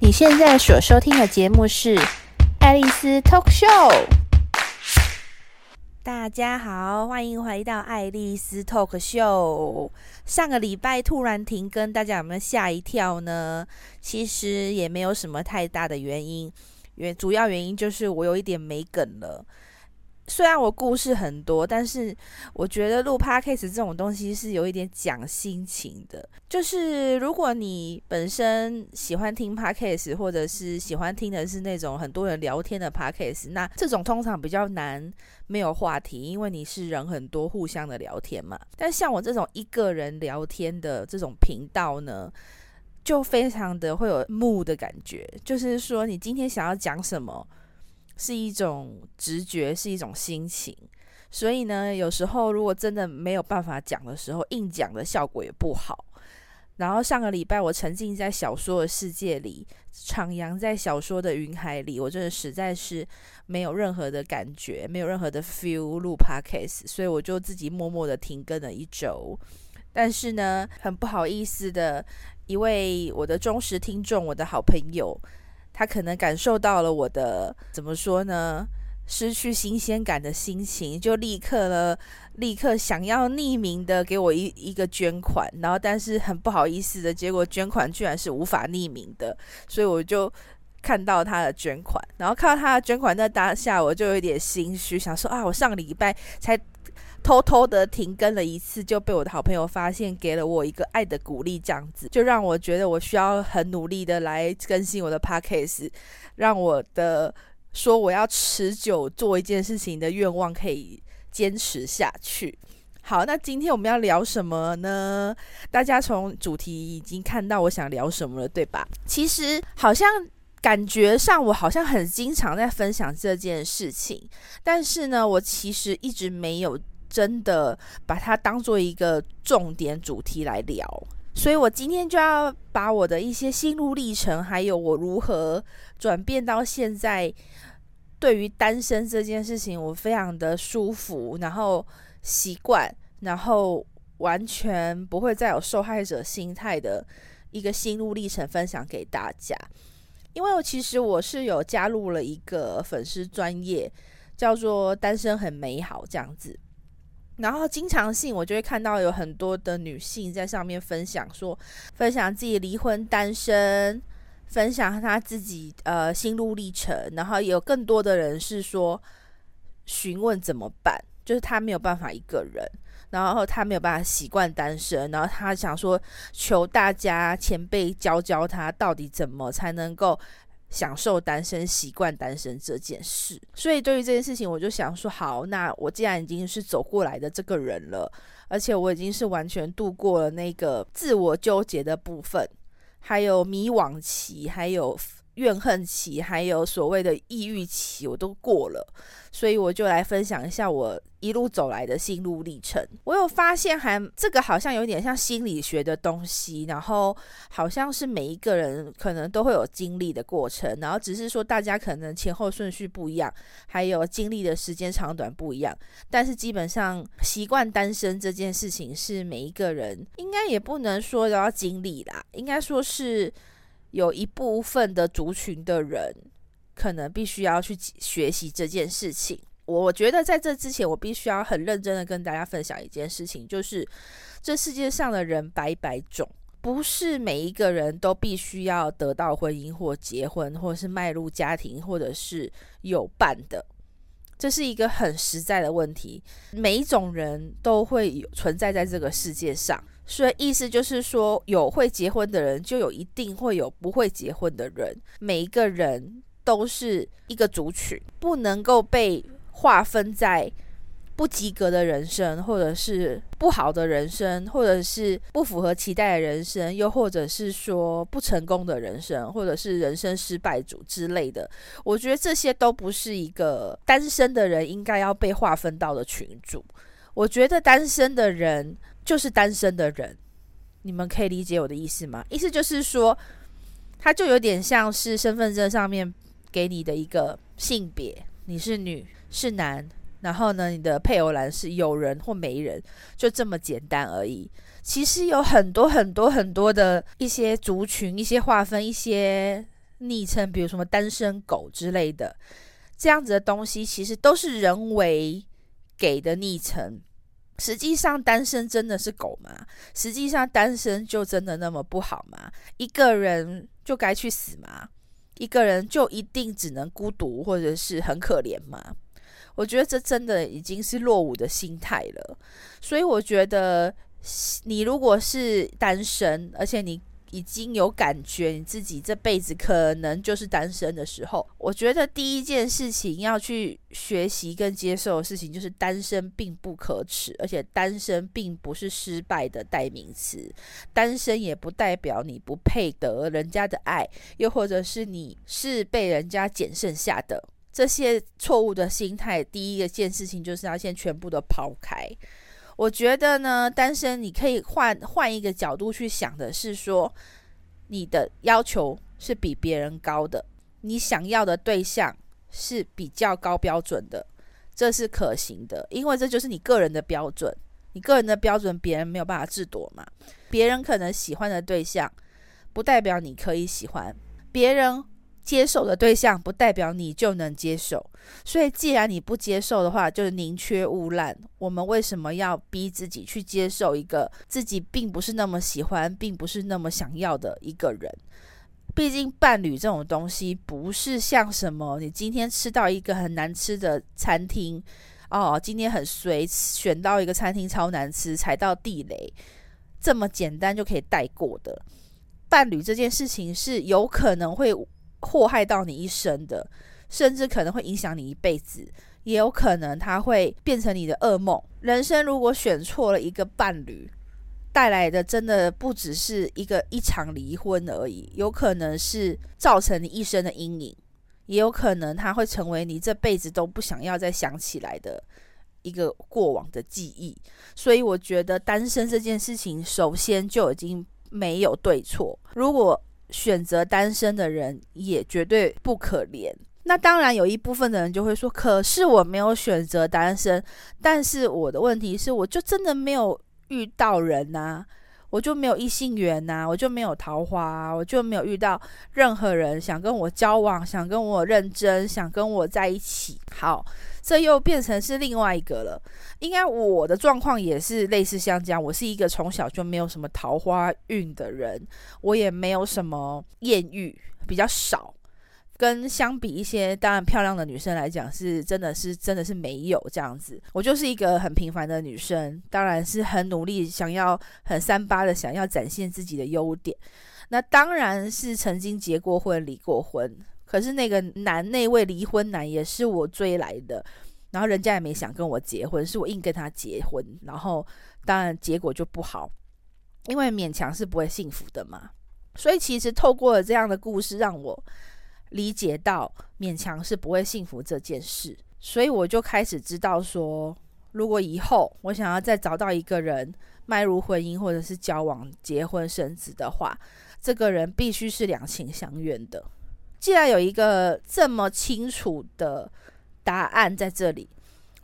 你現在所收聽的節目是《愛麗絲 Talk Show》。大家好，歡迎回到《愛麗絲 Talk Show》。上個禮拜突然停更，大家有沒有嚇一跳呢？其實也沒有什麼太大的原因，因主要原因就是我有一點沒梗了。雖然我故事很多，但是我覺得錄 Podcast 這種東西是有一點講心情的。就是如果你本身喜歡聽 Podcast，或者是喜歡聽的是那種很多人聊天的 Podcast，那這種通常比較難沒有話題，因為你是人很多互相的聊天嘛。但像我這種一個人聊天的這種頻道呢，就非常的會有目的感覺，就是說你今天想要講什麼。是一種直覺，是一種心情。所以呢，有時候如果真的沒有辦法講的時候，硬講的效果也不好。然後上個禮拜，我沉浸在小說的世界裡，徜徉在小說的雲海裡，我真的實在是沒有任何的感覺，沒有任何的 feel 錄 podcast，所以我就自己默默的停更了一週。但是呢，很不好意思的，一位我的忠實聽眾，我的好朋友。他可能感受到了我的怎麼說呢？失去新鮮感的心情，就立刻呢，立刻想要匿名的給我一一個捐款，然後但是很不好意思的結果，捐款居然是無法匿名的，所以我就看到他的捐款，然後看到他的捐款在當下，我就有點心虛，想說啊，我上個禮拜才。偷偷的停更了一次，就被我的好朋友發現，給了我一個愛的鼓勵，這樣子就讓我覺得我需要很努力的來更新我的 podcast，讓我的說我要持久做一件事情的願望可以堅持下去。好，那今天我們要聊什麼呢？大家從主題已經看到我想聊什麼了，對吧？其實好像感覺上我好像很經常在分享這件事情，但是呢，我其實一直沒有。真的把它當做一個重點主題來聊，所以我今天就要把我的一些心路歷程，還有我如何轉變到現在對於單身這件事情，我非常的舒服，然後習慣，然後完全不會再有受害者心態的一個心路歷程分享給大家。因為我其實我是有加入了一個粉絲專頁，叫做“單身很美好”這樣子。然後經常性，我就會看到有很多的女性在上面分享，說分享自己離婚單身，分享她自己呃心路歷程。然後有更多的人是說詢問怎麼辦，就是她沒有辦法一個人，然後她沒有辦法習慣單身，然後她想說求大家前輩教教她到底怎麼才能夠。享受單身，習慣單身這件事，所以對於這件事情，我就想說，好，那我既然已經是走過來的這個人了，而且我已經是完全度過了那個自我糾結的部分，還有迷惘期，還有，怨恨期，還有所謂的抑鬱期，我都過了，所以我就來分享一下我一路走來的心路歷程。我有發現還，還這個好像有點像心理學的東西，然後好像是每一個人可能都會有經歷的過程，然後只是說大家可能前後順序不一樣，還有經歷的時間長短不一樣，但是基本上習慣單身這件事情是每一個人應該也不能說都要經歷啦，應該說是。有一部分的族群的人，可能必須要去學習這件事情。我覺得在這之前，我必須要很認真的跟大家分享一件事情，就是這世界上的人百百種，不是每一個人都必須要得到婚姻或結婚，或者是邁入家庭，或者是有伴的。這是一個很實在的問題，每一種人都會有存在在這個世界上。所以意思就是說，有會結婚的人，就有一定會有不會結婚的人。每一個人都是一個族群，不能夠被劃分在不及格的人生，或者是不好的人生，或者是不符合期待的人生，又或者是說不成功的人生，或者是人生失敗組之類的。我覺得這些都不是一個單身的人應該要被劃分到的群組。我覺得單身的人。就是單身的人，你們可以理解我的意思嗎？意思就是說，他就有點像是身份證上面給你的一個性別，你是女是男，然後呢，你的配偶欄是有人或沒人，就這麼簡單而已。其實有很多很多很多的一些族群、一些劃分、一些昵稱，比如什麼單身狗之類的，這樣子的東西，其實都是人為給的昵稱。實際上，單身真的是狗嗎？實際上，單身就真的那麼不好嗎？一個人就該去死嗎？一個人就一定只能孤獨或者是很可憐嗎？我覺得這真的已經是落伍的心態了。所以，我覺得你如果是單身，而且你……已經有感覺你自己這輩子可能就是單身的時候，我覺得第一件事情要去學習跟接受的事情，就是單身並不可恥，而且單身並不是失敗的代名詞，單身也不代表你不配得人家的愛，又或者是你是被人家撿剩下的這些錯誤的心態，第一個件事情就是要先全部都拋開。我覺得呢，單身你可以換換一個角度去想的是說，你的要求是比別人高的，你想要的對象是比較高標準的，這是可行的，因為這就是你個人的標準，你個人的標準別人沒有辦法置喙嘛，別人可能喜歡的對象，不代表你可以喜歡別人。接受的對象不代表你就能接受，所以既然你不接受的話，就是寧缺毋濫。我們為什麼要逼自己去接受一個自己並不是那麼喜歡，並不是那麼想要的一個人？畢竟伴侶這種東西，不是像什麼你今天吃到一個很難吃的餐廳哦，今天很隨選到一個餐廳超難吃，踩到地雷這麼簡單就可以帶過的。伴侶這件事情是有可能會禍害到你一生的，甚至可能會影響你一輩子，也有可能他會變成你的噩夢。人生如果選錯了一個伴侶，帶來的真的不只是一個一場離婚而已，有可能是造成你一生的陰影，也有可能他會成為你這輩子都不想要再想起來的一個過往的記憶。所以，我覺得單身這件事情，首先就已經沒有對錯。如果選擇單身的人也絕對不可憐。那當然，有一部分的人就會說：“可是我沒有選擇單身，但是我的問題是，我就真的沒有遇到人吶。”我就沒有異性緣吶、啊，我就沒有桃花、啊，我就沒有遇到任何人想跟我交往，想跟我認真，想跟我在一起。好，這又變成是另外一個了。應該我的狀況也是類似像這樣，我是一個從小就沒有什麼桃花運的人，我也沒有什麼豔遇，比較少。跟相比一些當然漂亮的女生來講，是真的是真的是沒有這樣子，我就是一個很平凡的女生，當然是很努力想要很三八的想要展現自己的優點，那當然是曾經結過婚離過婚，可是那個男那位離婚男也是我追來的，然後人家也沒想跟我結婚，是我硬跟他結婚，然後當然結果就不好，因為勉強是不會幸福的嘛，所以其實透過了這樣的故事讓我。理解到勉強是不會幸福這件事，所以我就開始知道說，如果以後我想要再找到一個人邁入婚姻或者是交往、結婚、生子的話，這個人必須是兩情相願的。既然有一個這麼清楚的答案在這裡，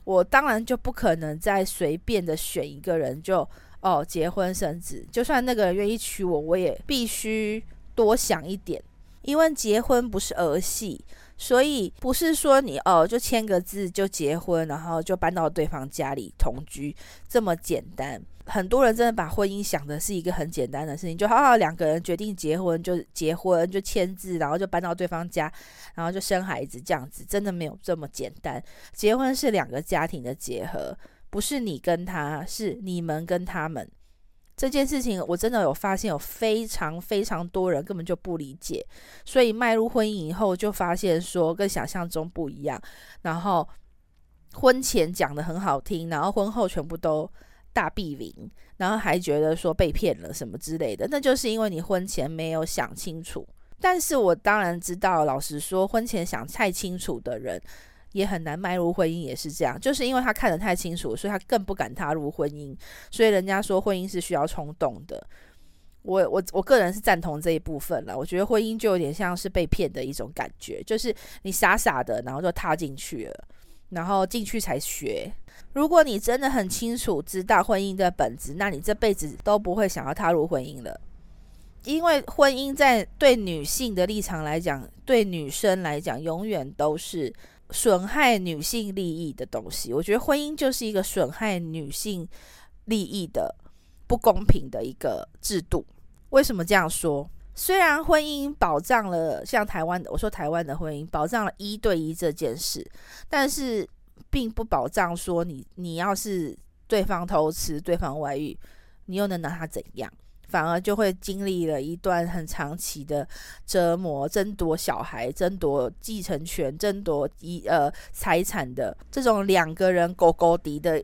我當然就不可能再隨便的選一個人就哦結婚生子。就算那個人願意娶我，我也必須多想一點。因為結婚不是兒戲，所以不是說你哦就簽個字就結婚，然後就搬到對方家裡同居這麼簡單。很多人真的把婚姻想的是一個很簡單的事情，就好好兩個人決定結婚就結婚，就簽字，然後就搬到對方家，然後就生孩子這樣子，真的沒有這麼簡單。結婚是兩個家庭的結合，不是你跟他，是你們跟他們。這件事情我真的有發現，有非常非常多人根本就不理解，所以邁入婚姻以後就發現說跟想象中不一樣，然後婚前講得很好聽，然後婚後全部都大壁林，然後還覺得說被騙了什麼之類的，那就是因為你婚前沒有想清楚。但是我當然知道，老實說，婚前想太清楚的人。也很難邁入婚姻，也是這樣，就是因為他看得太清楚，所以他更不敢踏入婚姻。所以人家說婚姻是需要衝動的，我我我個人是贊同這一部分了。我覺得婚姻就有點像是被騙的一種感覺，就是你傻傻的，然後就踏進去了，然後進去才學。如果你真的很清楚知道婚姻的本質，那你這輩子都不會想要踏入婚姻了，因為婚姻在對女性的立場來講，對女生來講永遠都是損害女性利益的東西，我覺得婚姻就是一個損害女性利益的不公平的一個制度。為什麼這樣說？雖然婚姻保障了像台灣的，我說台灣的婚姻保障了一對一這件事，但是並不保障說你你要是對方偷吃、對方外遇，你又能拿他怎樣？反而就會經歷了一段很長期的折磨，爭奪小孩，爭奪繼承權，爭奪一呃財產的這種兩個人勾勾敵的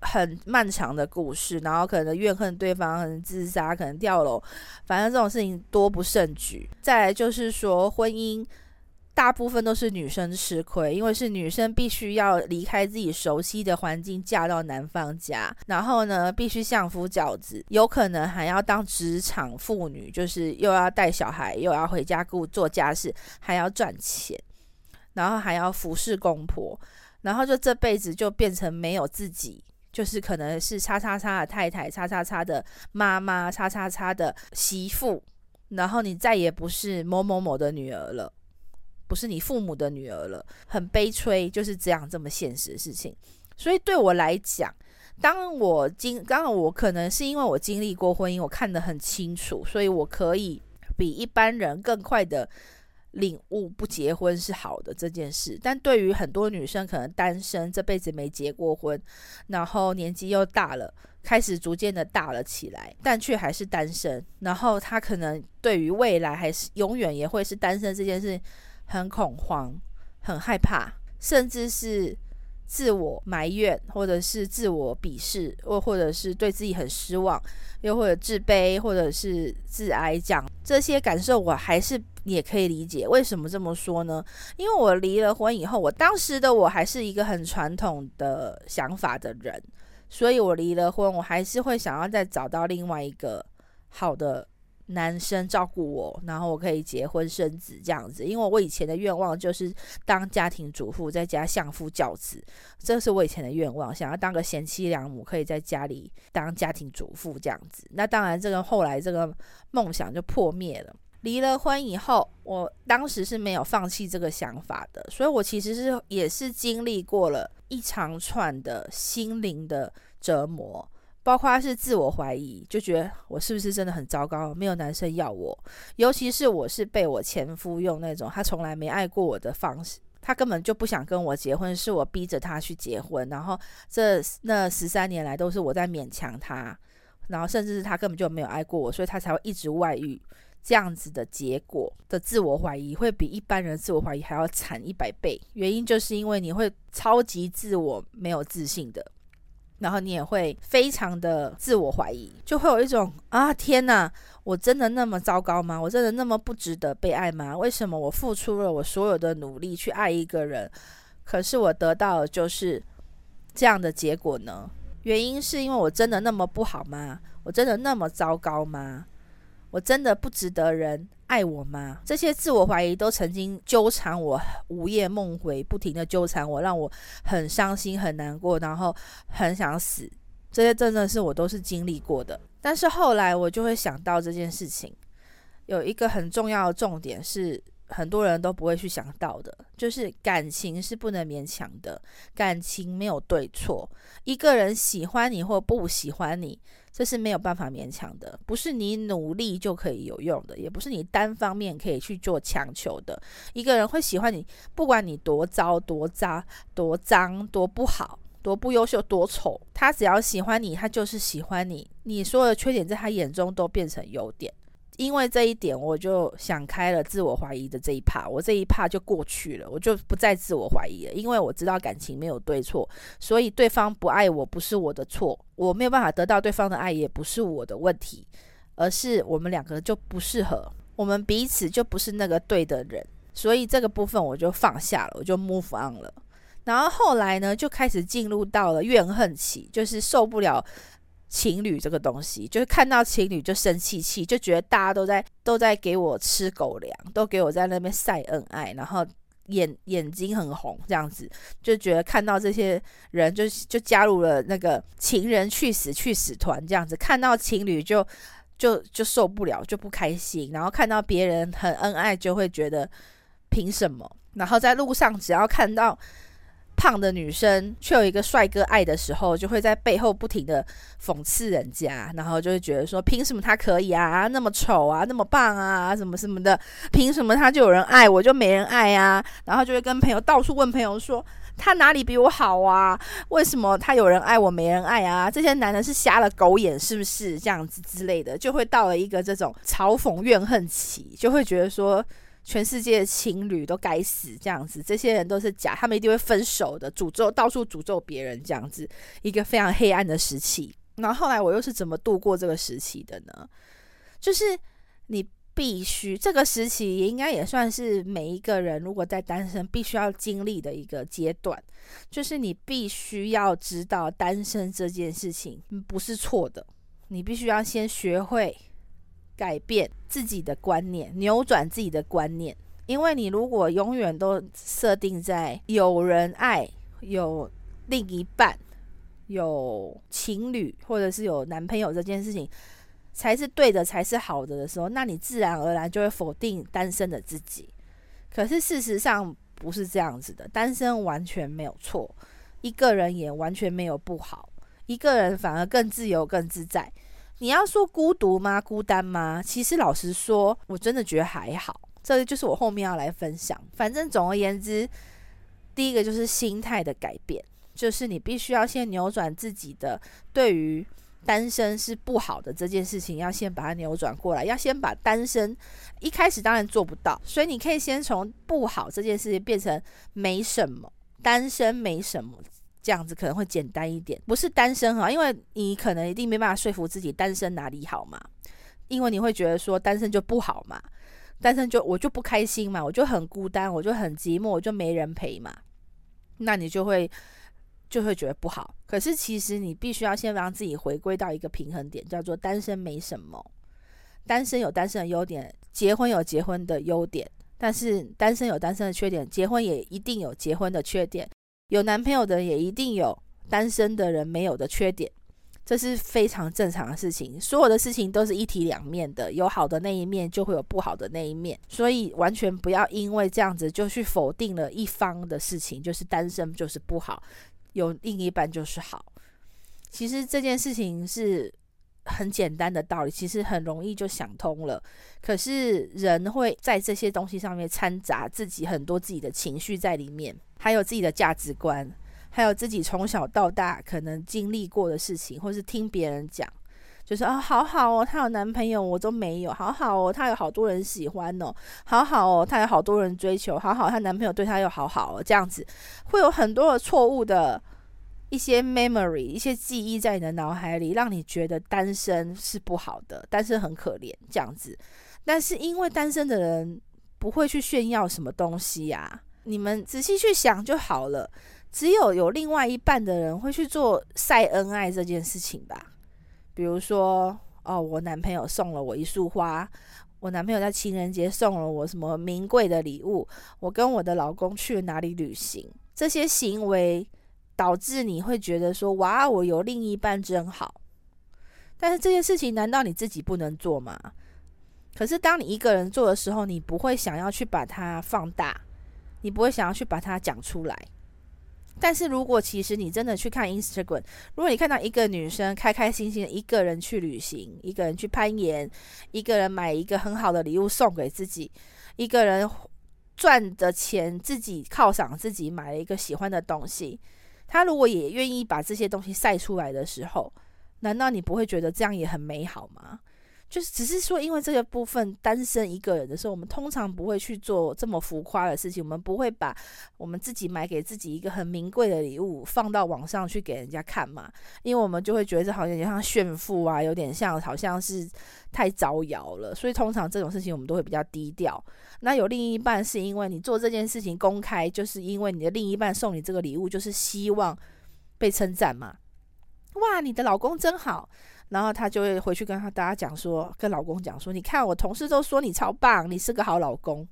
很漫長的故事，然後可能怨恨對方，可能自殺，可能跳樓，反正這種事情多不勝舉。再來就是說婚姻。大部分都是女生吃虧，因為是女生必須要離開自己熟悉的環境，嫁到男方家，然後呢，必須相夫教子，有可能還要當職場婦女，就是又要帶小孩，又要回家顧做家事，還要賺錢，然後還要服侍公婆，然後就這輩子就變成沒有自己，就是可能是叉叉叉的太太，叉叉叉的媽媽，叉叉叉的媳婦，然後你再也不是某某某的女兒了。是你父母的女兒了，很悲催，就是這樣這麼現實的事情。所以對我來講，當我經剛剛我可能是因為我經歷過婚姻，我看得很清楚，所以我可以比一般人更快的領悟不結婚是好的這件事。但對於很多女生，可能單身這輩子沒結過婚，然後年紀又大了，開始逐漸的大了起來，但卻還是單身。然後她可能對於未來還是永遠也會是單身這件事。很恐慌，很害怕，甚至是自我埋怨，或者是自我鄙視，或或者是對自己很失望，又或者自卑，或者是自哀這樣，這些感受，我還是你也可以理解。為什麼這麼說呢？因為我離了婚以後，我當時的我還是一個很傳統的想法的人，所以我離了婚，我還是會想要再找到另外一個好的。男生照顧我，然後我可以結婚生子這樣子。因為我以前的願望就是當家庭主婦，在家相夫教子，這是我以前的願望，想要當個賢妻良母，可以在家裡當家庭主婦這樣子。那當然，這個後來這個夢想就破滅了。離了婚以後，我當時是沒有放棄這個想法的，所以我其實是也是經歷過了一長串的心靈的折磨。包括是自我懷疑，就覺得我是不是真的很糟糕，沒有男生要我，尤其是我是被我前夫用那種他從來沒愛過我的方式，他根本就不想跟我結婚，是我逼着他去結婚，然後這那十三年來都是我在勉強他，然後甚至是他根本就沒有愛過我，所以他才會一直外遇，這樣子的結果的自我懷疑會比一般人的自我懷疑還要慘一百倍，原因就是因為你會超級自我，沒有自信的。然後你也會非常的自我懷疑，就會有一種啊，天哪，我真的那麼糟糕嗎？我真的那麼不值得被愛嗎？為什麼我付出了我所有的努力去愛一個人，可是我得到的就是這樣的結果呢？原因是因為我真的那麼不好嗎？我真的那麼糟糕嗎？我真的不值得人？愛我嗎？這些自我懷疑都曾經糾纏我，午夜夢回，不停地糾纏我，讓我很傷心、很難過，然後很想死。這些真的是我都是經歷過的。但是後來我就會想到這件事情，有一個很重要的重點是，很多人都不會去想到的，就是感情是不能勉強的，感情沒有對錯，一個人喜歡你或不喜歡你。這是沒有辦法勉強的，不是你努力就可以有用的，也不是你單方面可以去做強求的。一個人會喜歡你，不管你多糟、多渣、多髒、多不好、多不優秀、多醜，他只要喜歡你，他就是喜歡你。你所有的缺點，在他眼中都變成優點。因為這一點，我就想開了，自我懷疑的這一趴，我這一趴就過去了，我就不再自我懷疑了。因為我知道感情沒有對錯，所以對方不愛我不是我的錯，我沒有辦法得到對方的愛也不是我的問題，而是我們兩個就不適合，我們彼此就不是那個對的人，所以這個部分我就放下了，我就 move on 了。然後後來呢，就開始進入到了怨恨期，就是受不了。情侶這個東西，就是看到情侶就生氣氣，就覺得大家都在，都在給我吃狗糧，都給我在那邊曬恩愛，然後眼，眼睛很紅這樣子，就覺得看到這些人就，就加入了那個情人去死去死團這樣子，看到情侶就，就，就受不了，就不開心，然後看到別人很恩愛就會覺得憑什麼，然後在路上只要看到。胖的女生卻有一個帥哥愛的時候，就會在背後不停的諷刺人家，然後就會覺得說，憑什麼他可以啊，那麼醜啊，那麼胖啊，什麼什麼的，憑什麼他就有人愛，我就沒人愛啊？然後就會跟朋友到處問朋友說，他哪裡比我好啊？為什麼他有人愛我沒人愛啊？這些男的是瞎了狗眼是不是？這樣子之類的，就會到了一個這種嘲諷怨恨期，就會覺得說。全世界的情侶都該死，這樣子，這些人都是假，他們一定會分手的，詛咒到處詛咒別人，這樣子，一個非常黑暗的時期。然後後來我又是怎麼度過這個時期的呢？就是你必須這個時期也應該也算是每一個人如果在單身必須要經歷的一個階段，就是你必須要知道單身這件事情不是錯的，你必須要先學會。改變自己的觀念，扭轉自己的觀念，因為你如果永遠都設定在有人愛、有另一半、有情侶或者是有男朋友這件事情才是對的、才是好的的時候，那你自然而然就會否定單身的自己。可是事實上不是這樣子的，單身完全沒有錯，一個人也完全沒有不好，一個人反而更自由、更自在。你要說孤獨嗎？孤單嗎？其實老實說，我真的覺得還好。這就是我後面要來分享。反正總而言之，第一個就是心態的改變，就是你必須要先扭轉自己的對於單身是不好的這件事情，要先把它扭轉過來。要先把單身一開始當然做不到，所以你可以先從不好這件事情變成沒什麼，單身沒什麼。這樣子可能會簡單一點，不是單身哈。因為你可能一定沒辦法說服自己單身哪裡好嘛，因為你會覺得說單身就不好嘛，單身就我就不開心嘛，我就很孤單，我就很寂寞，我就，我就沒人陪嘛，那你就會就會覺得不好。可是其實你必須要先讓自己回歸到一個平衡點，叫做單身沒什麼，單身有單身的優點，結婚有結婚的優點，但是單身有單身的缺點，結婚也一定有結婚的缺點。有男朋友的也一定有單身的人沒有的缺點，這是非常正常的事情。所有的事情都是一體兩面的，有好的那一面，就會有不好的那一面。所以完全不要因為這樣子就去否定了一方的事情，就是單身就是不好，有另一半就是好。其實這件事情是。很簡單的道理，其實很容易就想通了。可是人會在這些東西上面摻雜自己很多自己的情緒在裡面，還有自己的價值觀，還有自己從小到大可能經歷過的事情，或是聽別人講，就是啊、哦，好好哦，她有男朋友，我都沒有；好好哦，她有好多人喜歡哦；好好哦，她有好多人追求；好好，她男朋友對她又好好哦，這樣子會有很多的錯誤的。一些 memory，一些記憶在你的腦海裡，讓你覺得單身是不好的，單身很可憐，這樣子。但是因為單身的人不會去炫耀什麼東西呀，啊，你們仔細去想就好了。只有有另外一半的人會去做曬恩愛這件事情吧。比如說，哦，我男朋友送了我一束花，我男朋友在情人節送了我什麼名貴的禮物，我跟我的老公去了哪裡旅行，這些行為。導致你會覺得說：“哇，我有另一半真好。”但是這件事情難道你自己不能做嗎？可是當你一個人做的時候，你不會想要去把它放大，你不會想要去把它講出來。但是如果其實你真的去看 Instagram，如果你看到一個女生開開心心的一個人去旅行，一個人去攀岩，一個人買一個很好的禮物送給自己，一個人賺的錢，自己犒賞自己買了一個喜歡的東西。他如果也願意把這些東西曬出來的時候，難道你不會覺得這樣也很美好嗎？就是只是說，因為這個部分單身一個人的時候，我們通常不會去做這麼浮誇的事情。我們不會把我們自己買給自己一個很名貴的禮物放到網上去給人家看嘛，因為我們就會覺得好像有點像炫富啊，有點像好像是太招搖了。所以通常這種事情我們都會比較低調。那有另一半是因為你做這件事情公開，就是因為你的另一半送你這個禮物，就是希望被稱讚嘛。哇，你的老公真好。然後他就會回去跟他大家講說，跟老公講說，你看我同事都說你超棒，你是個好老公。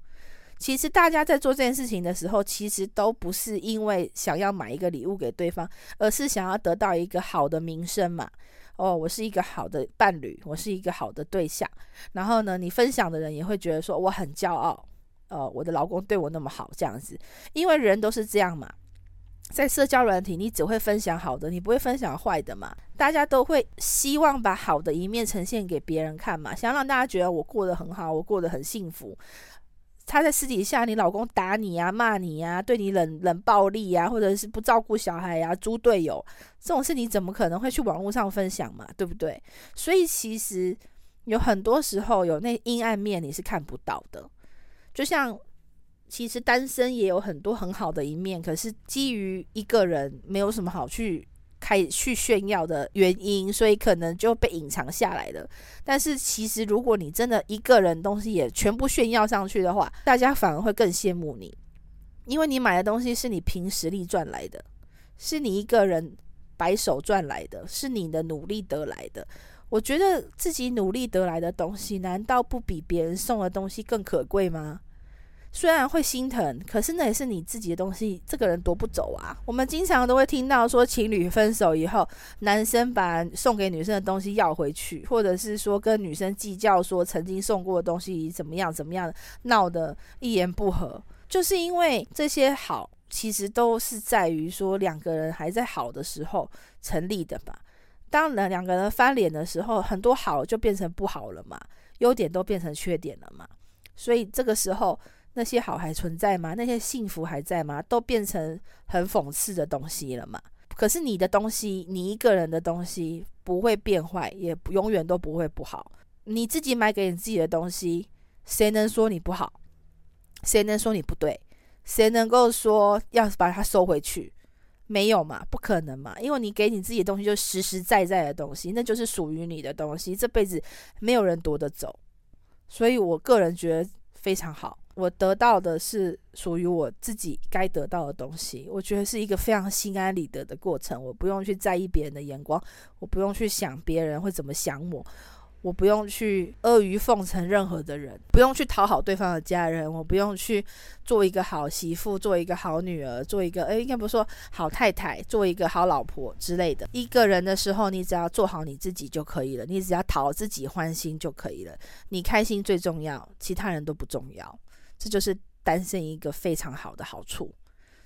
其實大家在做這件事情的時候，其實都不是因為想要買一個禮物給對方，而是想要得到一個好的名聲嘛。哦，我是一個好的伴侶，我是一個好的對象。然後呢，你分享的人也會覺得說我很驕傲，呃，我的老公對我那麼好，這樣子，因為人都是這樣嘛。在社交軟體，你只會分享好的，你不會分享壞的嘛？大家都會希望把好的一面呈現給別人看嘛，想要讓大家覺得我過得很好，我過得很幸福。他在私底下，你老公打你啊、罵你啊、對你冷冷暴力啊，或者是不照顧小孩啊、豬隊友這種事，你怎麼可能會去網絡上分享嘛？對不對？所以其實有很多時候，有那陰暗面你是看不到的，就像，其實單身也有很多很好的一面，可是基於一個人沒有什麼好去開去炫耀的原因，所以可能就被隱藏下來了。但是其實如果你真的一個人東西也全部炫耀上去的話，大家反而會更羨慕你，因為你買的東西是你憑實力賺來的，是你一個人白手賺來的，是你的努力得來的。我覺得自己努力得來的東西，難道不比別人送的東西更可貴嗎？雖然會心疼，可是那也是你自己的東西，這個人奪不走啊。我們經常都會聽到說，情侶分手以後，男生把送給女生的東西要回去，或者是說跟女生計較說曾經送過的東西怎麼樣怎麼樣，鬧得一言不合，就是因為這些好，其實都是在於說兩個人還在好的時候成立的吧。當然，兩個人翻臉的時候，很多好就變成不好了嘛，優點都變成缺點了嘛，所以這個時候。那些好還存在嗎？那些幸福還在嗎？都變成很諷刺的東西了嘛。可是你的東西，你一個人的東西不會變壞，也永遠都不會不好。你自己買給你自己的東西，誰能說你不好？誰能說你不對？誰能夠說要把它收回去？沒有嘛，不可能嘛，因為你給你自己的東西就是實實在在的東西，那就是屬於你的東西，這輩子沒有人奪得走。所以我個人覺得非常好。我得到的是屬於我自己該得到的東西，我覺得是一個非常心安理得的過程。我不用去在意別人的眼光，我不用去想別人會怎麼想我，我不用去阿諛奉承任何的人，不用去討好對方的家人，我不用去做一個好媳婦，做一個好女兒，做一個誒，應該不是說，好太太，做一個好老婆之類的。一個人的時候，你只要做好你自己就可以了，你只要討自己歡心就可以了，你開心最重要，其他人都不重要。這就是單身一個非常好的好處，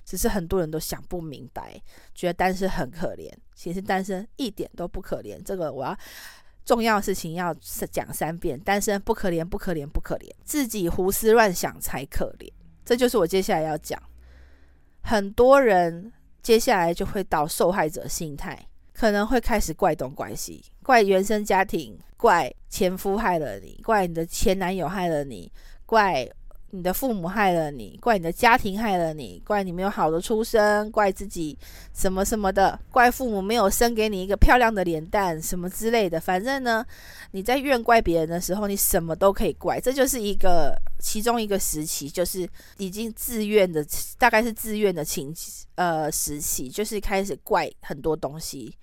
只是很多人都想不明白，覺得單身很可憐。其實單身一點都不可憐，這個我要重要的事情要是講三遍：單身不可憐，不可憐，不可憐。自己胡思亂想才可憐。這就是我接下來要講。很多人接下來就會到受害者心態，可能會開始怪動關係，怪原生家庭，怪前夫害了你，怪你的前男友害了你，怪。你的父母害了你，怪你的家庭害了你，怪你沒有好的出身，怪自己什麼什麼的，怪父母沒有生給你一個漂亮的臉蛋，什麼之類的。反正呢，你在怨怪別人的時候，你什麼都可以怪。這就是一個其中一個時期，就是已經自願的，大概是自願的情呃時期，就是開始怪很多東西，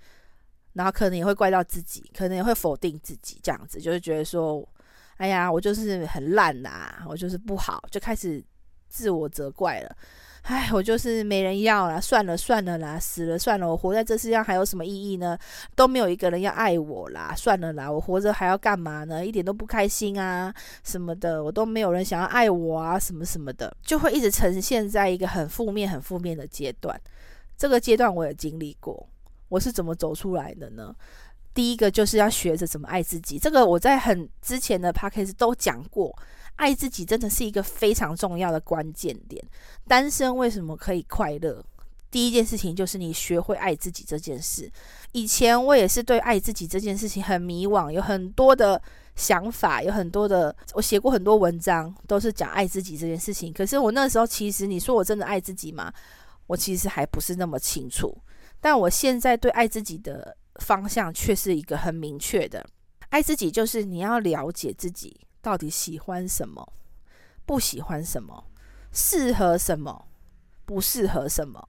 然後可能也會怪到自己，可能也會否定自己，這樣子就是覺得說。哎呀，我就是很爛啦。我就是不好，就開始自我責怪了。哎，我就是沒人要啦，算了算了啦，死了算了，我活在這世上還有什麼意義呢？都沒有一個人要愛我啦，算了啦，我活着還要幹嘛呢？一點都不開心啊，什麼的，我都沒有人想要愛我啊，什麼什麼的，就會一直呈現在一個很負面、很負面的階段。這個階段我也經歷過，我是怎麼走出來的呢？第一個就是要學着怎麼愛自己。這個我在很之前的 podcast 都講過，愛自己真的是一個非常重要的關鍵點。單身為什麼可以快樂？第一件事情就是你學會愛自己這件事。以前我也是對愛自己這件事情很迷惘，有很多的想法，有很多的我寫過很多文章都是講愛自己這件事情。可是我那時候其實你說我真的愛自己嗎？我其實還不是那麼清楚。但我現在對愛自己的方向卻是一個很明確的，愛自己就是你要了解自己到底喜歡什麼，不喜歡什麼，適合什麼，不適合什麼，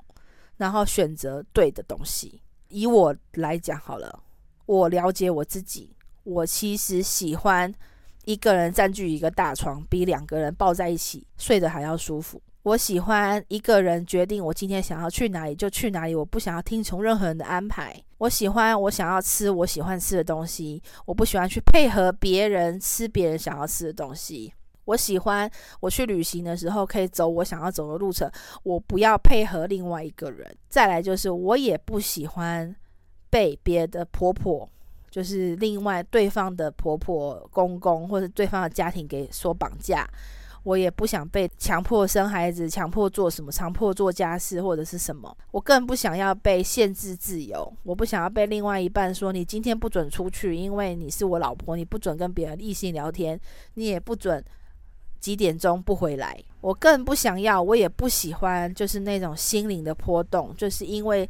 然後選擇對的東西。以我來講好了，我了解我自己，我其實喜歡一個人占據一個大床，比兩個人抱在一起睡得還要舒服。我喜歡一個人決定我今天想要去哪裡就去哪裡，我不想要聽從任何人的安排。我喜歡我想要吃我喜歡吃的東西，我不喜歡去配合別人吃別人想要吃的東西。我喜歡我去旅行的時候可以走我想要走的路程，我不要配合另外一個人。再來就是我也不喜歡被別的婆婆，就是另外對方的婆婆、公公，或者對方的家庭給所綁架。我也不想被強迫生孩子，強迫做什麼，強迫做家事或者是什麼。我更不想要被限制自由，我不想要被另外一半說你今天不准出去，因為你是我老婆，你不准跟別人異性聊天，你也不准幾點鐘不回來。我更不想要，我也不喜歡，就是那種心靈的波動，就是因為。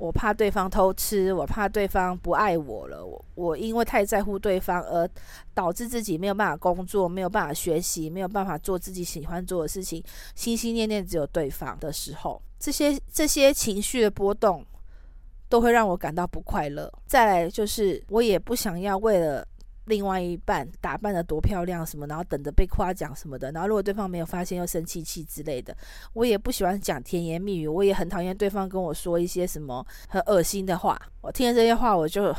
我怕對方偷吃，我怕對方不愛我了。我我因為太在乎對方，而導致自己沒有辦法工作，沒有辦法學習，沒有辦法做自己喜歡做的事情，心心念念只有對方的時候，這些這些情緒的波動，都會讓我感到不快樂。再來就是，我也不想要為了。另外一半打扮得多漂亮什麼，然後等着被誇獎什麼的，然後如果對方沒有發現又生氣氣之類的，我也不喜歡講甜言蜜語，我也很討厭對方跟我說一些什麼很噁心的話，我聽了這些話我就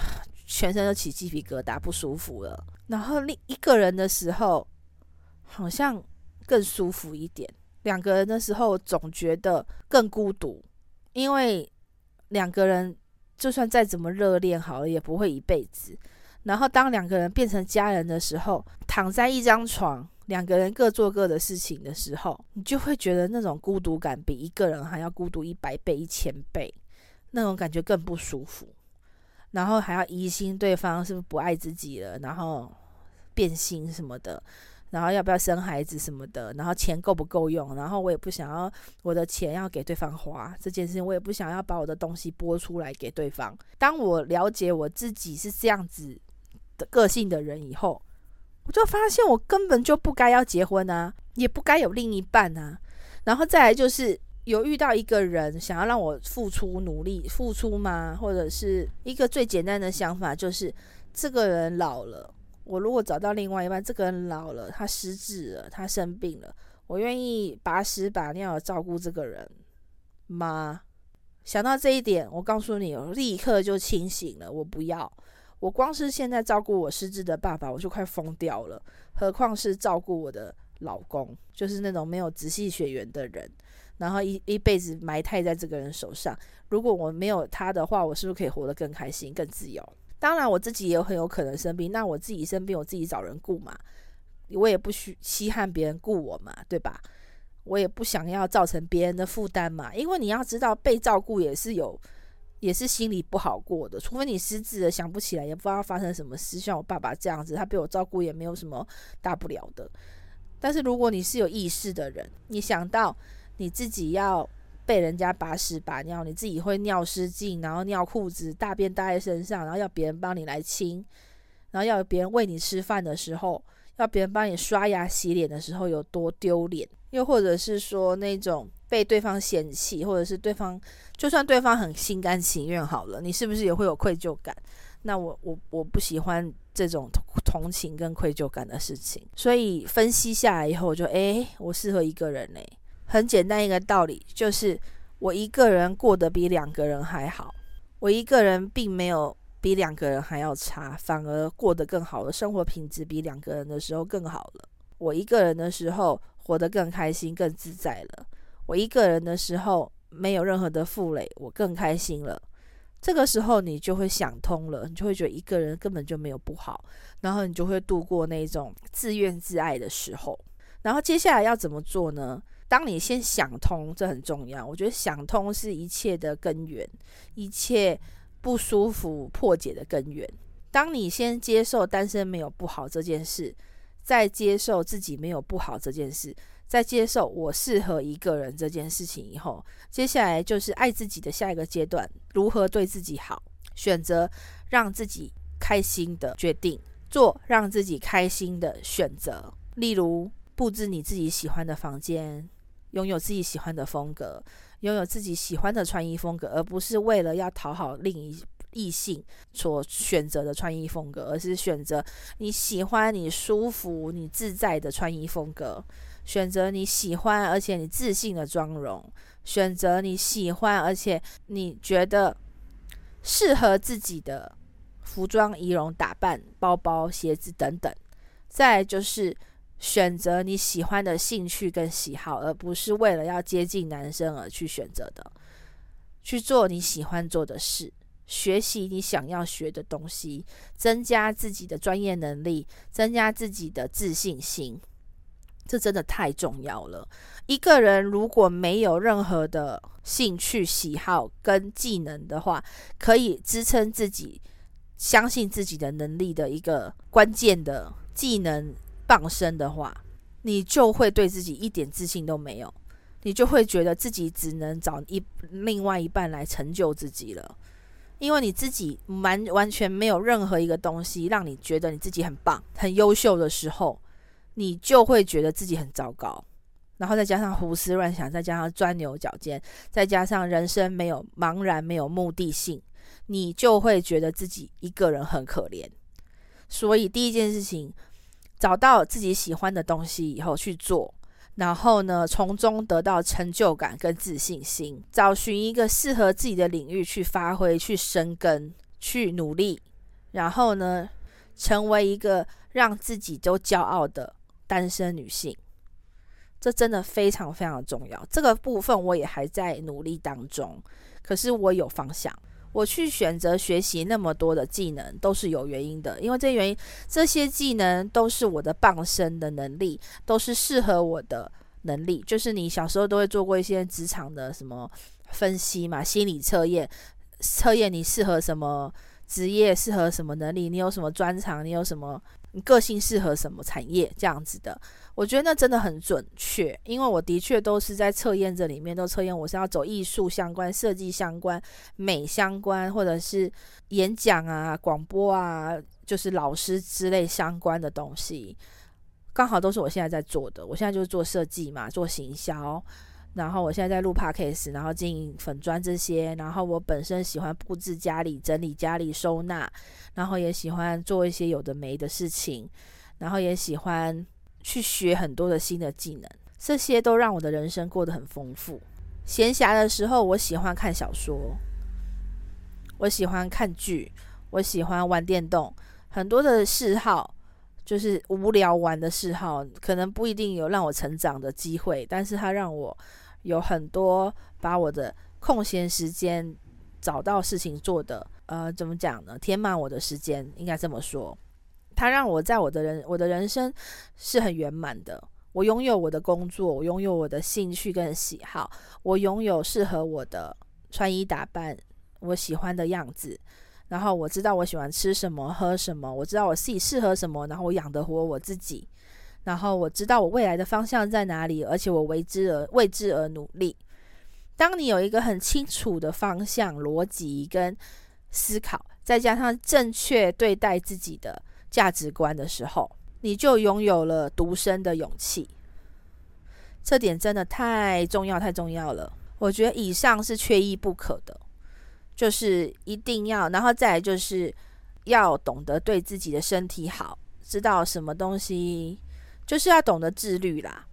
全身都起雞皮疙瘩，不舒服了。然後另一個人的時候好像更舒服一點，兩個人的時候總覺得更孤獨，因為兩個人就算再怎麼熱戀好了，也不會一輩子。然後，當兩個人變成家人的時候，躺在一張床，兩個人各做各的事情的時候，你就會覺得那種孤獨感比一個人還要孤獨一百倍、一千倍，那種感覺更不舒服。然後還要疑心對方是不是不愛自己了，然後變心什麼的，然後要不要生孩子什麼的，然後錢夠不夠用，然後我也不想要我的錢要給對方花，這件事情我也不想要把我的東西撥出來給對方。當我了解我自己是這樣子。個性的人以後，我就發現我根本就不該要結婚啊，也不該有另一半啊。然後再來就是有遇到一個人想要讓我付出努力付出嗎？或者是一個最簡單的想法就是這個人老了，我如果找到另外一半，這個人老了，他失智了，他生病了，我願意把屎把尿的照顧這個人嗎？想到這一點，我告訴你，我立刻就清醒了，我不要。我光是現在照顧我失智的爸爸，我就快瘋掉了，何況是照顧我的老公，就是那種沒有直系血緣的人，然後一一輩子埋汰在這個人手上。如果我沒有他的話，我是不是可以活得更開心、更自由？當然，我自己也很有可能生病，那我自己生病，我自己找人顧嘛，我也不需稀罕別人顧我嘛，對吧？我也不想要造成別人的負擔嘛，因為你要知道，被照顧也是有。也是心裡不好過的，除非你失智了想不起來，也不知道發生什麼事。像我爸爸這樣子，他被我照顧也沒有什麼大不了的。但是如果你是有意識的人，你想到你自己要被人家把屎把尿，你自己會尿失禁，然後尿褲子，大便搭在身上，然後要別人幫你來清，然後要別人餵你吃飯的時候，要別人幫你刷牙洗臉的時候，有多丟臉。又或者是說那種被對方嫌棄，或者是對方就算對方很心甘情願好了，你是不是也會有愧疚感？那我我我不喜歡這種同情跟愧疚感的事情。所以分析下來以後就，就、欸、誒，我適合一個人嘞，欸。很簡單一個道理，就是我一個人過得比兩個人還好，我一個人並沒有比兩個人還要差，反而過得更好了，生活品質比兩個人的時候更好了，我一個人的時候。活得更開心、更自在了。我一個人的時候，沒有任何的負累，我更開心了。這個時候，你就會想通了，你就會覺得一個人根本就沒有不好，然後你就會度過那種自怨自艾的時候。然後接下來要怎麼做呢？當你先想通，這很重要。我覺得想通是一切的根源，一切不舒服破解的根源。當你先接受單身沒有不好這件事。在接受自己沒有不好這件事，在接受我適合一個人這件事情以後，接下來就是愛自己的下一個階段：如何對自己好，選擇讓自己開心的決定，做讓自己開心的選擇。例如布置你自己喜歡的房間，擁有自己喜歡的風格，擁有自己喜歡的穿衣風格，而不是為了要討好另一。異性所選擇的穿衣風格，而是選擇你喜歡、你舒服、你自在的穿衣風格；選擇你喜歡而且你自信的妝容；選擇你喜歡而且你覺得適合自己的服裝、儀容、打扮、包包、鞋子等等。再來就是選擇你喜歡的興趣跟喜好，而不是為了要接近男生而去選擇的，去做你喜歡做的事。學習你想要學的東西，增加自己的專業能力，增加自己的自信心，這真的太重要了。一個人如果沒有任何的興趣、喜好跟技能的話，可以支撐自己、相信自己的能力的一個關鍵的技能傍身的話，你就會對自己一點自信都沒有，你就會覺得自己只能找一，另外一半來成就自己了。因為你自己完完全沒有任何一個東西讓你覺得你自己很棒、很優秀的時候，你就會覺得自己很糟糕。然後再加上胡思亂想，再加上鑽牛角尖，再加上人生沒有茫然、沒有目的性，你就會覺得自己一個人很可憐。所以第一件事情，找到自己喜歡的東西以後去做。然後呢，從中得到成就感跟自信心，找尋一個適合自己的領域去發揮、去深耕、去努力，然後呢，成為一個讓自己都驕傲的單身女性，這真的非常非常重要。這個部分我也還在努力當中，可是我有方向。我去選擇學習那麼多的技能，都是有原因的。因為這些原因，這些技能都是我的傍身的能力，都是適合我的能力。就是你小時候都會做過一些職場的什麼分析嘛，心理測驗，測驗你適合什麼職業，適合什麼能力，你有什麼專長，你有什麼你個性，適合什麼產業這樣子的。我覺得那真的很準確，因為我的確都是在測驗這裡面都測驗我是要走藝術相關、設計相關、美相關，或者是演講啊、廣播啊，就是老師之類相關的東西，剛好都是我現在在做的。我現在就是做設計嘛，做行銷，然後我現在在錄 podcast，然後經營粉專這些，然後我本身喜歡布置家裡、整理家裡收納，然後也喜歡做一些有的沒的事情，然後也喜歡。去學很多的新的技能，這些都讓我的人生過得很豐富。閒暇的時候，我喜歡看小說，我喜歡看劇，我喜歡玩電動，很多的嗜好，就是無聊玩的嗜好，可能不一定有讓我成長的機會，但是它讓我有很多把我的空閒時間找到事情做的，呃，怎麼講呢？填滿我的時間，應該這麼說。他讓我在我的人，我的人生是很圓滿的。我擁有我的工作，我擁有我的興趣跟喜好，我擁有適合我的穿衣打扮，我喜歡的樣子。然後我知道我喜歡吃什麼，喝什麼，我知道我自己適合什麼，然後我養得活我自己。然後我知道我未來的方向在哪裡，而且我為之而為之而努力。當你有一個很清楚的方向、邏輯跟思考，再加上正確對待自己的。價值觀的時候，你就擁有了獨身的勇氣。這點真的太重要，太重要了。我覺得以上是缺一不可的，就是一定要，然後再來就是要懂得對自己的身體好，知道什麼東西，就是要懂得自律啦。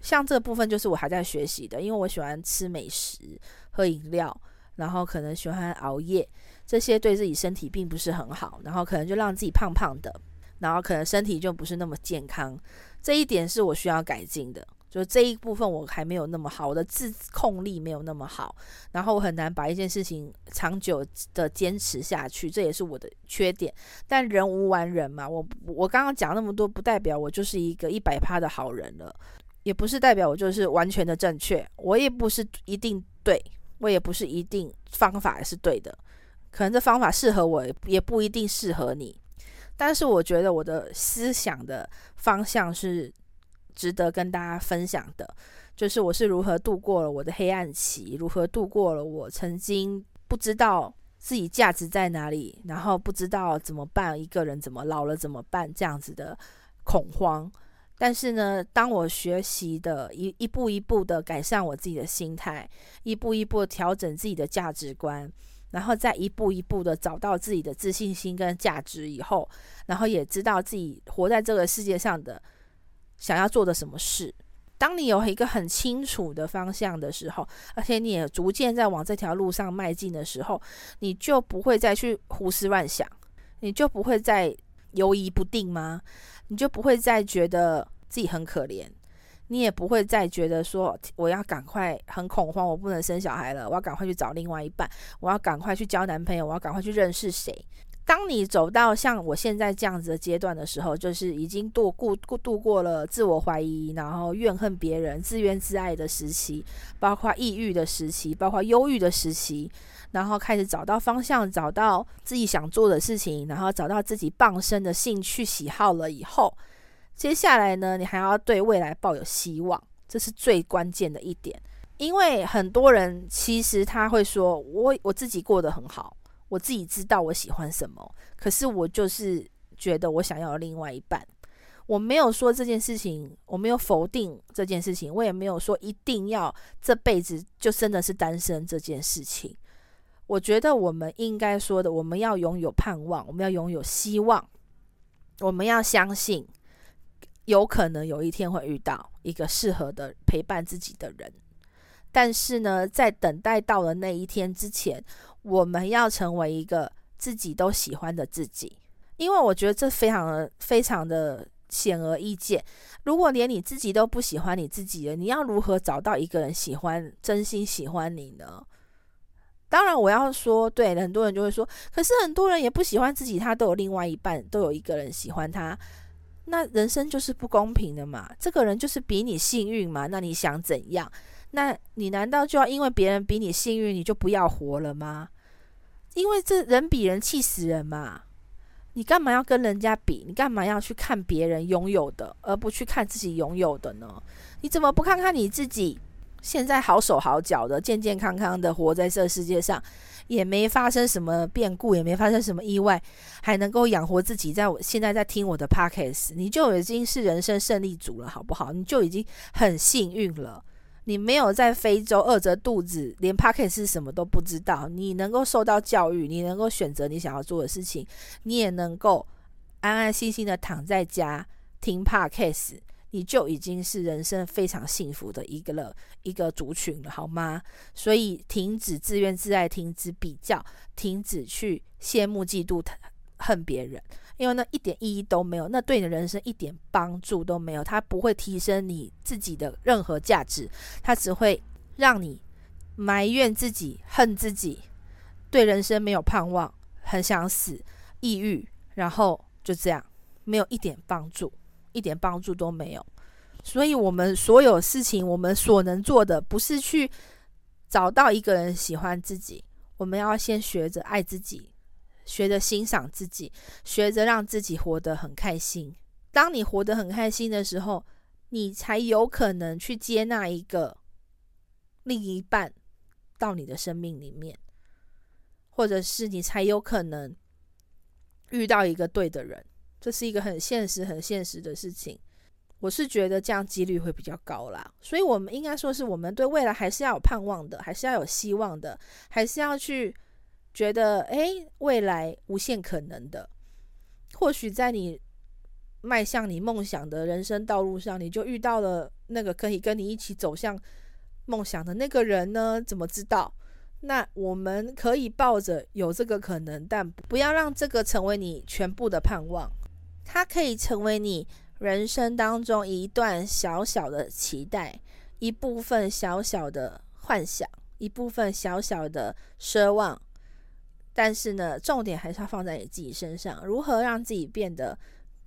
像這部分就是我還在學習的，因為我喜歡吃美食、喝飲料，然後可能喜歡熬夜。這些對自己身體並不是很好，然後可能就讓自己胖胖的，然後可能身體就不是那麼健康。這一點是我需要改進的，就是這一部分我還沒有那麼好，我的自控力沒有那麼好，然後我很難把一件事情長久的堅持下去，這也是我的缺點。但人無完人嘛，我我剛剛講那麼多，不代表我就是一個一百趴的好人了，也不是代表我就是完全的正確，我也不是一定對，我也不是一定方法是對的。可能這方法適合我，也不一定適合你。但是我覺得我的思想的方向是值得跟大家分享的，就是我是如何度過了我的黑暗期，如何度過了我曾經不知道自己價值在哪裡，然後不知道怎麼辦，一個人怎麼老了怎麼辦，這樣子的恐慌。但是呢，當我學習的一一步一步的改善我自己的心態，一步一步調整自己的價值觀。然後再一步一步的找到自己的自信心跟價值以後，然後也知道自己活在這個世界上的想要做的什麼事。當你有一個很清楚的方向的時候，而且你也逐漸在往這條路上邁進的時候，你就不會再去胡思亂想，你就不會再猶疑不定嗎？你就不會再覺得自己很可憐。你也不會再覺得說我要趕快很恐慌，我不能生小孩了，我要趕快去找另外一半，我要趕快去交男朋友，我要趕快去認識誰。當你走到像我現在這樣子的階段的時候，就是已經度過度過了自我懷疑，然後怨恨別人、自怨自艾的時期，包括抑鬱的時期，包括憂鬱的時期，然後開始找到方向，找到自己想做的事情，然後找到自己傍身的興趣、喜好了以後。接下來呢，你還要對未來抱有希望，這是最關鍵的一點。因為很多人其實他會說：“我我自己過得很好，我自己知道我喜歡什麼。”可是我就是覺得我想要另外一半。我沒有說這件事情，我沒有否定這件事情，我也沒有說一定要這輩子就真的是單身這件事情。我覺得我們應該說的，我們要擁有盼望，我們要擁有希望，我們要相信。有可能有一天會遇到一個適合的陪伴自己的人，但是呢，在等待到了那一天之前，我們要成為一個自己都喜歡的自己，因為我覺得這非常非常的顯而易見。如果連你自己都不喜歡你自己了，你要如何找到一個人喜歡、真心喜歡你呢？當然，我要說，對，很多人就會說，可是很多人也不喜歡自己，他都有另外一半，都有一個人喜歡他。那人生就是不公平的嘛？這個人就是比你幸運嘛？那你想怎樣？那你難道就要因為別人比你幸運，你就不要活了嗎？因為這人比人氣死人嘛！你幹嘛要跟人家比？你幹嘛要去看別人擁有的，而不去看自己擁有的呢？你怎麼不看看你自己？現在好手好腳的，健健康康的活在這世界上，也沒發生什麼變故，也沒發生什麼意外，還能夠養活自己，在我現在在聽我的 podcast，你就已經是人生勝利組了，好不好？你就已經很幸運了。你沒有在非洲餓着肚子，連 podcast 是什麼都不知道，你能夠受到教育，你能夠選擇你想要做的事情，你也能夠安安心心的躺在家聽 podcast。你就已經是人生非常幸福的一個了，一個族群了，好嗎？所以停止自怨自艾，停止比較，停止去羨慕嫉妒恨別人，因為那一點意義都沒有，那對你的人生一點幫助都沒有，它不會提升你自己的任何價值，它只會讓你埋怨自己、恨自己，對人生沒有盼望，很想死、抑鬱，然後就這樣，沒有一點幫助。一點幫助都沒有，所以我們所有事情，我們所能做的不是去找到一個人喜歡自己，我們要先學着愛自己，學着欣賞自己，學着讓自己活得很開心。當你活得很開心的時候，你才有可能去接納一個另一半到你的生命裡面，或者是你才有可能遇到一個對的人。這是一個很現實、很現實的事情，我是覺得這樣幾率會比較高啦。所以，我們應該說，是我們對未來還是要有盼望的，還是要有希望的，還是要去覺得，哎，未來無限可能的。或許在你邁向你夢想的人生道路上，你就遇到了那個可以跟你一起走向夢想的那個人呢？怎麼知道？那我們可以抱着有這個可能，但不要讓這個成為你全部的盼望。它可以成為你人生當中一段小小的期待，一部分小小的幻想，一部分小小的奢望。但是呢，重點還是要放在你自己身上，如何讓自己變得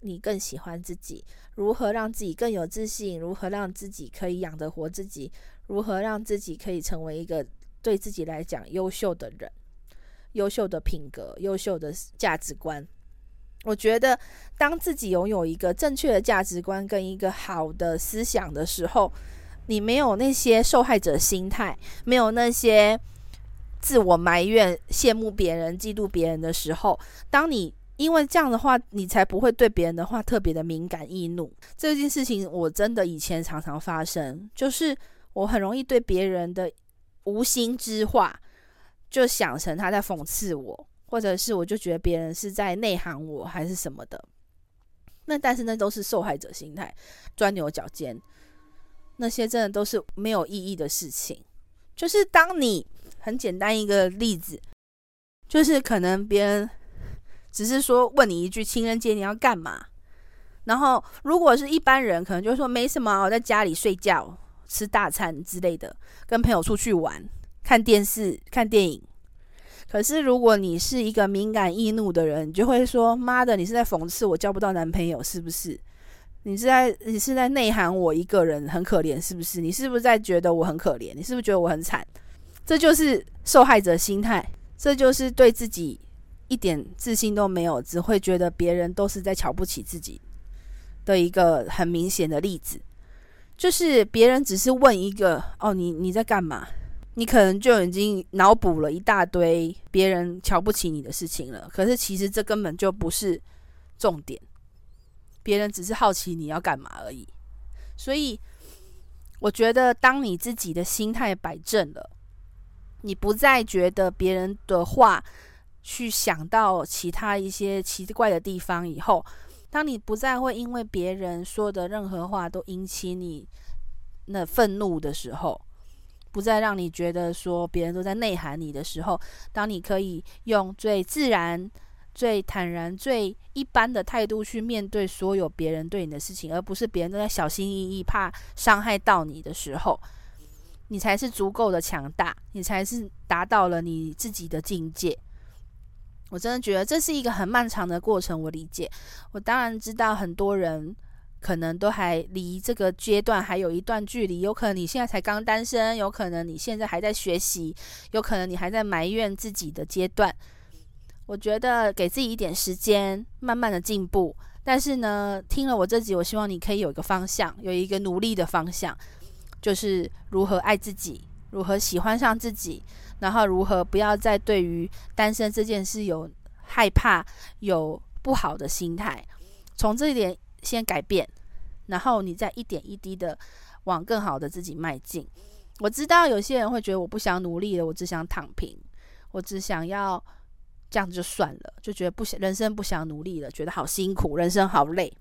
你更喜歡自己？如何讓自己更有自信？如何讓自己可以養得活自己？如何讓自己可以成為一個對自己來講優秀的人？優秀的品格，優秀的價值觀。我覺得，當自己擁有一個正確的價值觀跟一個好的思想的時候，你沒有那些受害者心態，沒有那些自我埋怨、羨慕別人、嫉妒別人的時候，當你因為這樣的話，你才不會對別人的話特別的敏感易怒。這件事情我真的以前常常發生，就是我很容易對別人的無心之話，就想成他在諷刺我。或者是我就覺得別人是在內涵我，還是什麼的。那但是那都是受害者心態，鑽牛角尖，那些真的都是沒有意義的事情。就是當你，很簡單一個例子，就是可能別人只是說問你一句“情人節你要幹嘛？”然後如果是一般人，可能就說沒什麼，在家裡睡覺、吃大餐之類的，跟朋友出去玩、看電視、看電影。可是，如果你是一個敏感易怒的人，你就會說：“媽的，你是在諷刺我交不到男朋友，是不是？你是在你是在內涵我一個人很可憐，是不是？你是不是在覺得我很可憐？你是不是覺得我很慘？這就是受害者心態，這就是對自己一點自信都沒有，只會覺得別人都是在瞧不起自己的一個很明顯的例子。就是別人只是問一個，哦，你你在幹嘛？”你可能就已經腦補了一大堆別人瞧不起你的事情了，可是其實這根本就不是重點，別人只是好奇你要幹嘛而已。所以，我覺得當你自己的心態擺正了，你不再覺得別人的話去想到其他一些奇怪的地方以後，當你不再會因為別人說的任何話都引起你那憤怒的時候。不再讓你覺得說別人都在內涵你的時候，當你可以用最自然、最坦然、最一般的態度去面對所有別人對你的事情，而不是別人都在小心翼翼怕傷害到你的時候，你才是足夠的強大，你才是達到了你自己的境界。我真的覺得這是一個很漫長的過程，我理解。我當然知道很多人。可能都還離這個階段還有一段距離，有可能你現在才剛單身，有可能你現在還在學習，有可能你還在埋怨自己的階段。我覺得給自己一點時間，慢慢的進步。但是呢，聽了我這集，我希望你可以有一個方向，有一個努力的方向，就是如何愛自己，如何喜歡上自己，然後如何不要再對於單身這件事有害怕、有不好的心態。從這一點先改變。然後你再一點一滴的往更好的自己邁進。我知道有些人會覺得我不想努力了，我只想躺平，我只想要這樣子就算了，就覺得不想人生不想努力了，覺得好辛苦，人生好累。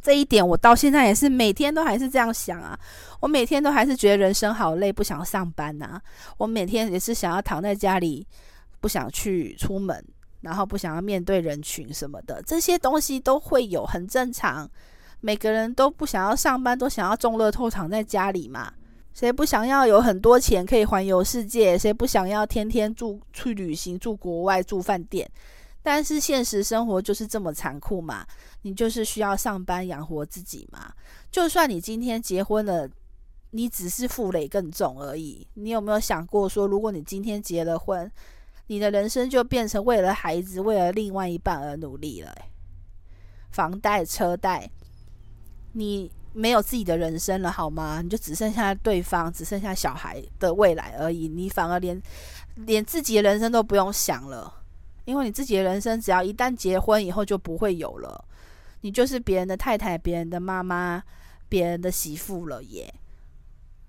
這一點我到現在也是每天都還是這樣想啊，我每天都還是覺得人生好累，不想上班吶、啊。我每天也是想要躺在家裡，不想去出門，然後不想要面對人群什麼的，這些東西都會有，很正常。每個人都不想要上班，都想要中樂透躺在家裡嘛？誰不想要有很多錢可以環遊世界？誰不想要天天住去旅行、住國外、住飯店？但是現實生活就是這麼殘酷嘛？你就是需要上班養活自己嘛？就算你今天結婚了，你只是負累更重而已。你有沒有想過說，如果你今天結了婚，你的人生就變成為了孩子、為了另外一半而努力了？房貸、車貸。你沒有自己的人生了好嗎？你就只剩下對方，只剩下小孩的未來而已。你反而連連自己的人生都不用想了，因為你自己的人生只要一旦結婚以後就不會有了。你就是別人的太太、別人的媽媽、別人的媳婦了耶。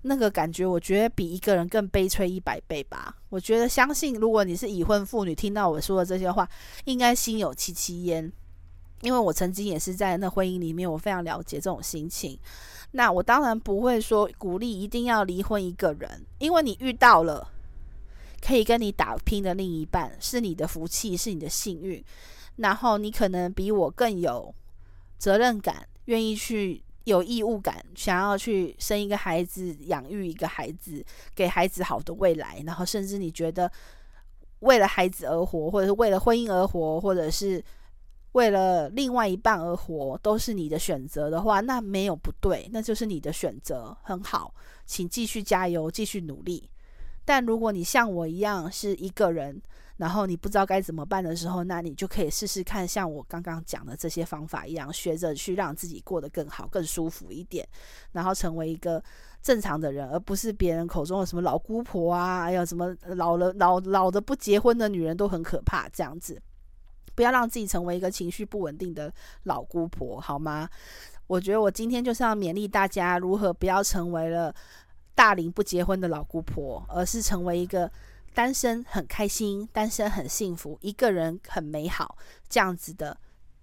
那個感覺，我覺得比一個人更悲催一百倍吧。我覺得，相信如果你是已婚婦女，聽到我說的這些話，應該心有戚戚焉。因為我曾經也是在那婚姻裡面，我非常了解這種心情。那我當然不會說鼓勵一定要離婚一個人，因為你遇到了可以跟你打拼的另一半，是你的福氣，是你的幸運。然後你可能比我更有責任感，願意去有義務感，想要去生一個孩子，養育一個孩子，給孩子好的未來。然後甚至你覺得為了孩子而活，或者是為了婚姻而活，或者是……為了另外一半而活，都是你的選擇的話，那沒有不對，那就是你的選擇，很好，請繼續加油，繼續努力。但如果你像我一樣是一個人，然後你不知道該怎麼辦的時候，那你就可以試試看，像我剛剛講的這些方法一樣，學着去讓自己過得更好、更舒服一點，然後成為一個正常的人，而不是別人口中的什麼老姑婆啊，哎呀，什麼老了、老老的不結婚的女人都很可怕這樣子。不要讓自己成為一個情緒不穩定的老姑婆，好嗎？我覺得我今天就是要勉勵大家，如何不要成為了大齡不結婚的老姑婆，而是成為一個單身很開心、單身很幸福、一個人很美好這樣子的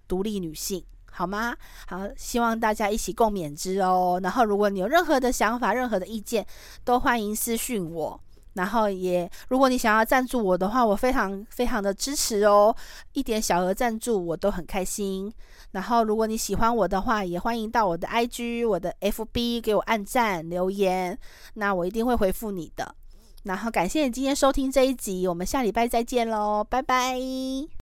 獨立女性，好嗎？好，希望大家一起共勉之哦。然後，如果你有任何的想法、任何的意見，都歡迎私訊我。然後也，如果你想要贊助我的話，我非常非常的支持哦，一點小額贊助我都很開心。然後如果你喜歡我的話，也歡迎到我的 IG、我的 FB 給我按讚留言，那我一定會回復你的。然後感謝你今天收聽這一集，我們下禮拜再見嘍，拜拜。